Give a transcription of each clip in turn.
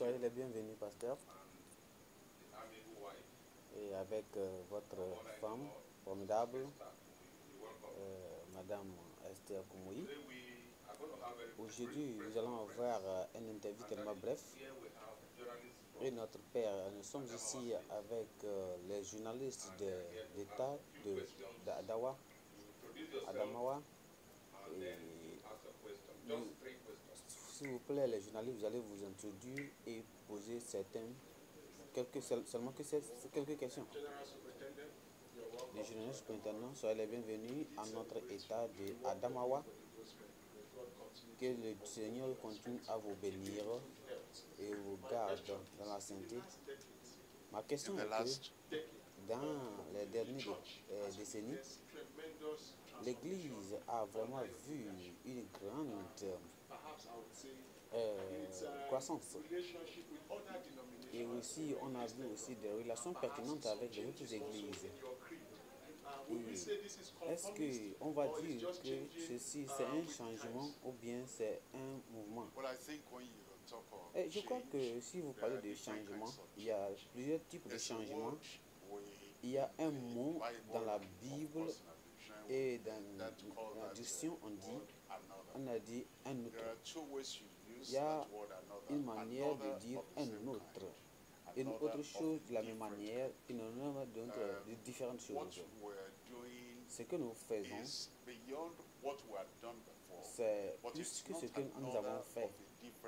Soyez les bienvenus, pasteur. Et avec euh, votre femme formidable, euh, Madame Esther Koumoui. Aujourd'hui, nous allons avoir euh, un interview tellement bref. Et notre père, nous sommes ici avec euh, les journalistes de l'État de Et nous, s'il vous plaît, les journalistes, vous allez vous introduire et poser certaines, quelques, seulement que quelques questions. Les journalistes maintenant, soyez les bienvenus à notre état de Adamawa. Que le Seigneur continue à vous bénir et vous garde dans la santé Ma question est que dans les dernières euh, décennies, l'Église a vraiment vu une grande euh, croissance. Et aussi, on a vu aussi des relations pertinentes avec les autres églises. Est-ce qu'on va dire que ceci, c'est un changement ou bien c'est un mouvement Je crois que si vous parlez de changement, il y a plusieurs types de changements. Il y a un mot dans la Bible et dans l'addition, on dit, on a dit un autre. Il y a une manière de dire un autre. Une autre chose de la même manière, une autre uh, euh, de différentes choses. Ce que nous faisons, c'est plus que ce que nous avons fait,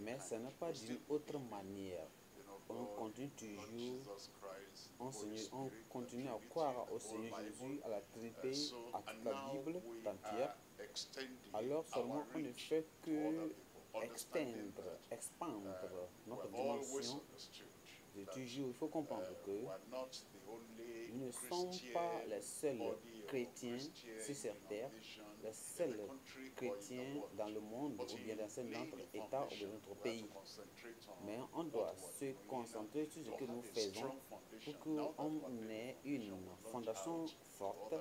mais ce n'est pas d'une autre manière on continue toujours, on, on continue à croire au Seigneur Jésus, à la Trinité, à toute la Bible entière. Alors seulement on ne fait que extendre, expandre notre il faut comprendre euh, que nous ne sommes pas les seuls chrétiens sur cette terre, les seuls chrétiens dans le monde ou bien dans notre État ou dans notre pays. Mais on doit se concentrer sur ce que nous faisons pour qu'on ait une fondation forte.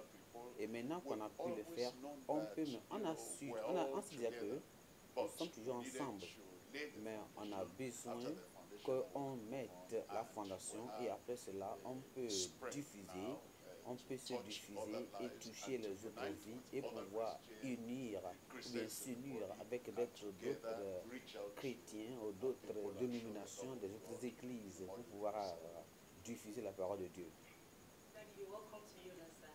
Et maintenant qu'on a pu le faire, on peut, on a su, on dit que nous sommes toujours ensemble, mais on a besoin on mette la fondation et après cela, on peut diffuser, on peut se diffuser et toucher les autres vies et pouvoir unir, bien s'unir avec d'autres chrétiens ou d'autres dénominations, des autres églises pour pouvoir diffuser la parole de Dieu.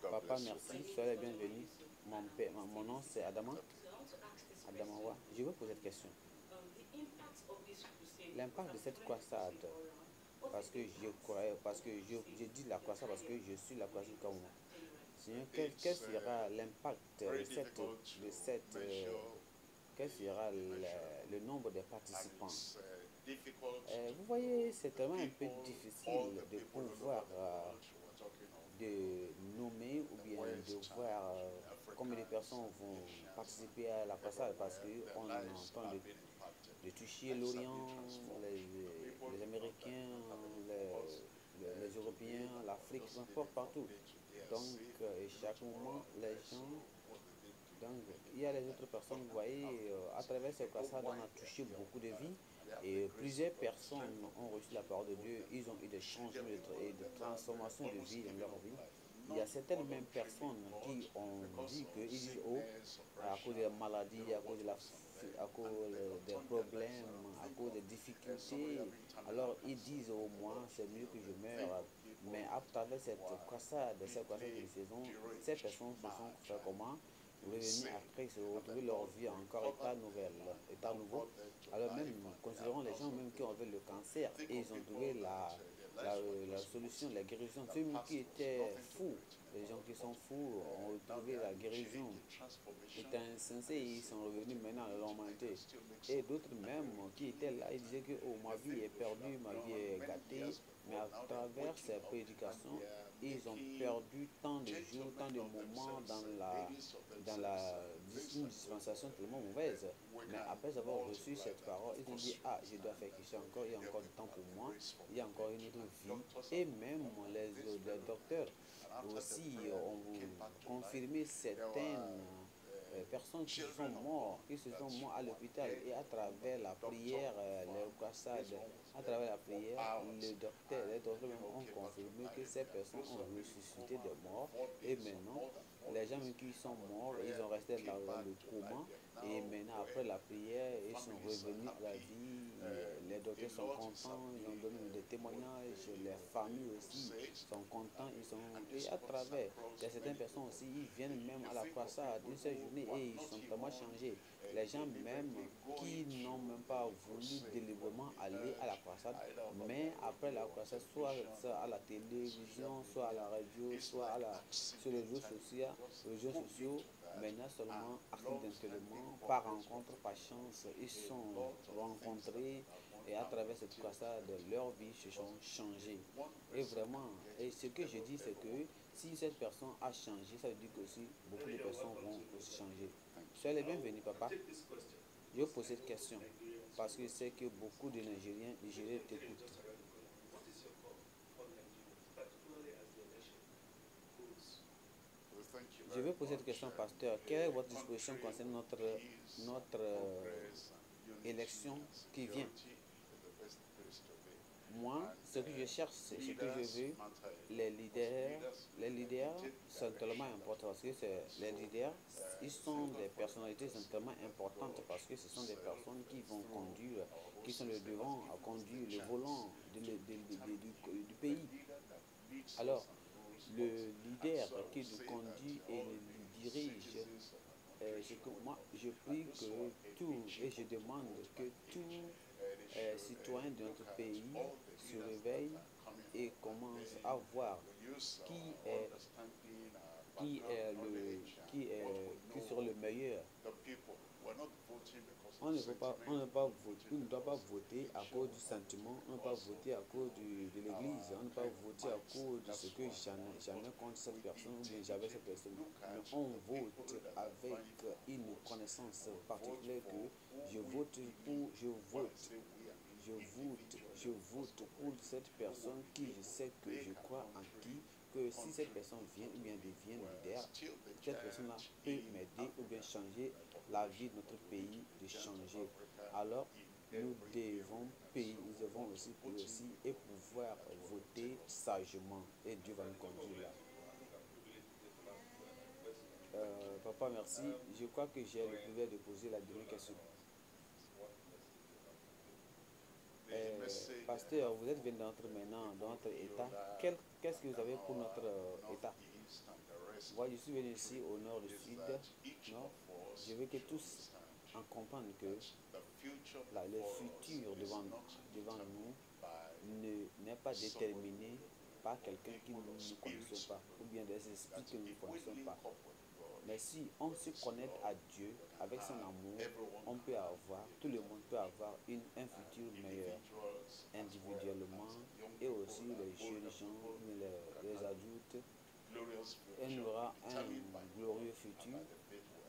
Papa, merci, soyez bienvenu. Mon, père, mon nom c'est Adama. Adama, je veux poser cette question l'impact de cette croissante, parce que je crois, parce que je, dis la croissade parce que je suis la croissance comme quel, quel uh, sera l'impact de cette, de cette euh, quel sera le, nombre de participants uh, euh, Vous voyez, c'est vraiment un peu difficile de combien de personnes vont participer à la passade parce qu'on on en de, toucher l'Orient, les, Américains, les, Européens, l'Afrique, n'importe partout. Donc, euh, chaque moment, les gens il y a les autres personnes, vous voyez, euh, à travers ces passade on a touché beaucoup de vies et plusieurs personnes ont reçu la parole de Dieu. Ils ont eu des changements et des transformations de vie dans leur vie il y a certaines mêmes personnes qui ont dit qu'ils disent oh, à cause des maladies, à cause, de la, à cause euh, des problèmes, à cause des difficultés, alors ils disent au moins c'est mieux que je meure. Mais à travers cette croissade, cette croissade de saison, ces personnes se sont fait comment revenir après se retrouver leur vie encore état nouvelle, état nouveau. Alors même, considérons les gens même qui ont eu le cancer et ils ont trouvé la bah, la, euh, solution, la guérison. ceux qui étaient fous, les gens qui sont fous ont retrouvé euh, la guérison. C'était insensé, ils sont revenus maintenant à normalité. Et d'autres même qui étaient là, ils disaient que oh, ma vie est perdue, ma vie est gâtée. Mais à travers cette prédications, ils ont perdu tant de tant de moments dans la, dans la dispensation tellement mauvaise. Mais après avoir reçu cette parole, ils ont dit, ah, je dois faire quelque chose encore, il y a encore du temps pour moi, il y a encore une autre vie. Et même les, les docteurs aussi ont confirmé certaines personnes qui sont mortes, qui se sont morts à l'hôpital et à travers la prière, euh, le croissage, à travers la prière, les docteurs ont confirmé que ces personnes ont ressuscité des morts et maintenant les gens qui sont morts, ils ont resté dans le coma et maintenant après la prière, ils sont revenus à la vie, uh, les docteurs sont contents, ils ont donné uh, des témoignages, les familles aussi sont contents, ils sont et à travers, certaines personnes aussi, ils viennent même à la croissade une seule journée et ils sont vraiment changés. Les gens même qui n'ont même pas voulu délibérément aller à la croissance, mais après la croissance, soit à la télévision, soit à la radio, soit sur les réseaux sociaux, les sociaux, maintenant seulement accidentellement, par rencontre, par chance, ils sont rencontrés et à travers cette croissance leur vie se sont changés. Et vraiment, et ce que je dis, c'est que si cette personne a changé, ça veut dire que aussi beaucoup de personnes vont changer. Soyez les bienvenus, papa. Je pose cette question parce que je sais que beaucoup de Nigériens, Nigériens t'écoutent. Je veux poser cette question, pasteur. Quelle est votre disposition concernant notre, notre euh, élection qui vient moi, ce que je cherche, c'est ce que je veux. Les leaders, les leaders sont tellement importants parce que les leaders, ils sont des personnalités tellement importantes parce que ce sont des personnes qui vont conduire, qui sont le devant à conduire le volant de, du, pays. Alors, le leader qui nous conduit et le dirige euh, que moi, je prie que tout, et je demande que tout euh, citoyens de notre pays se réveillent et commencent à voir qui est, qui est le on ne, doit pas voter à cause du sentiment, on ne doit pas voter à cause de l'Église, on ne doit pas voter à cause de ce que j'en contre cette personne ou j'avais cette personne. on vote avec une connaissance particulière que je vote pour, je vote je vote, je vote pour cette personne qui je sais que je crois en qui que si cette personne vient ou bien devient leader, cette personne-là peut m'aider ou bien changer la vie de notre pays, de changer. Alors, nous devons payer, nous devons aussi payer aussi et pouvoir voter sagement. Et Dieu va nous conduire euh, papa, merci. Je crois que j'ai le pouvoir de poser la dernière question. Pasteur, vous êtes venu d'entre maintenant, d'entre État. Qu'est-ce que vous avez pour notre euh, État Moi, je suis venu ici au nord, du sud. Je veux que tous en comprennent que le futur devant, devant nous n'est pas déterminé par quelqu'un qui ne nous connaît pas ou bien des esprits qui ne nous connaissons pas. Mais si on se connecte à Dieu avec son amour, on peut avoir, tout le monde peut avoir un futur meilleur, individuellement et aussi les jeunes gens, les, adultes. On aura un glorieux futur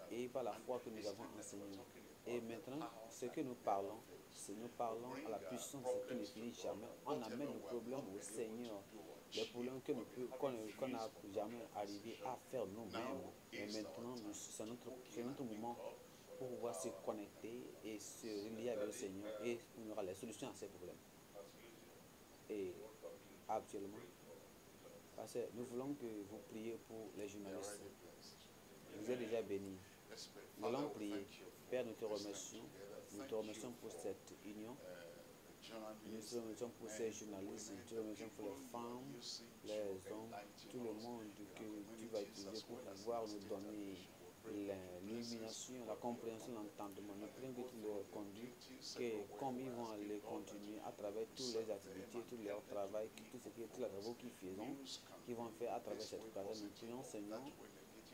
et par la foi que nous avons enseigné. Et maintenant, ce que nous parlons, c'est nous parlons à la puissance qui ne finit jamais, on amène nos problèmes au Seigneur. Les problèmes que nous qu'on n'a jamais arrivé à faire nous-mêmes. Et maintenant, c'est notre, moment pour pouvoir se connecter et se lier avec le Seigneur et on aura les solutions à ces problèmes. Et actuellement, nous voulons que vous priez pour les journalistes. Vous êtes déjà bénis. Nous allons prier. Père, nous te remercions. Nous te remercions pour cette union. Nous te remercions pour ces journalistes. Nous te remercions pour les femmes, les hommes, tout le monde que tu vas utiliser pour pouvoir nous donner l'illumination, la compréhension, l'entendement. Nous prions que tu leur conduis, que comme ils vont aller continuer à travers toutes les activités, tous leurs travaux, tous ce travaux qu'ils font, qu'ils vont faire à travers cette occasion. Nous prions, Seigneur,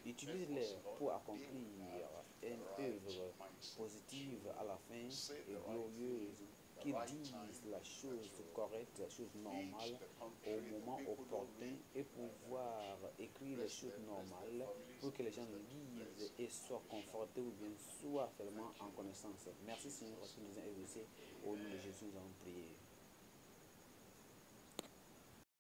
Utilise-les pour accomplir une œuvre positive à la fin et glorieuse Qu'ils disent la chose correcte, la chose normale au moment opportun et pouvoir écrire les choses normales pour que les gens lisent et soient confortés ou bien soient seulement en connaissance. Merci Seigneur parce que nous avons au nom de Jésus, nous avons prié.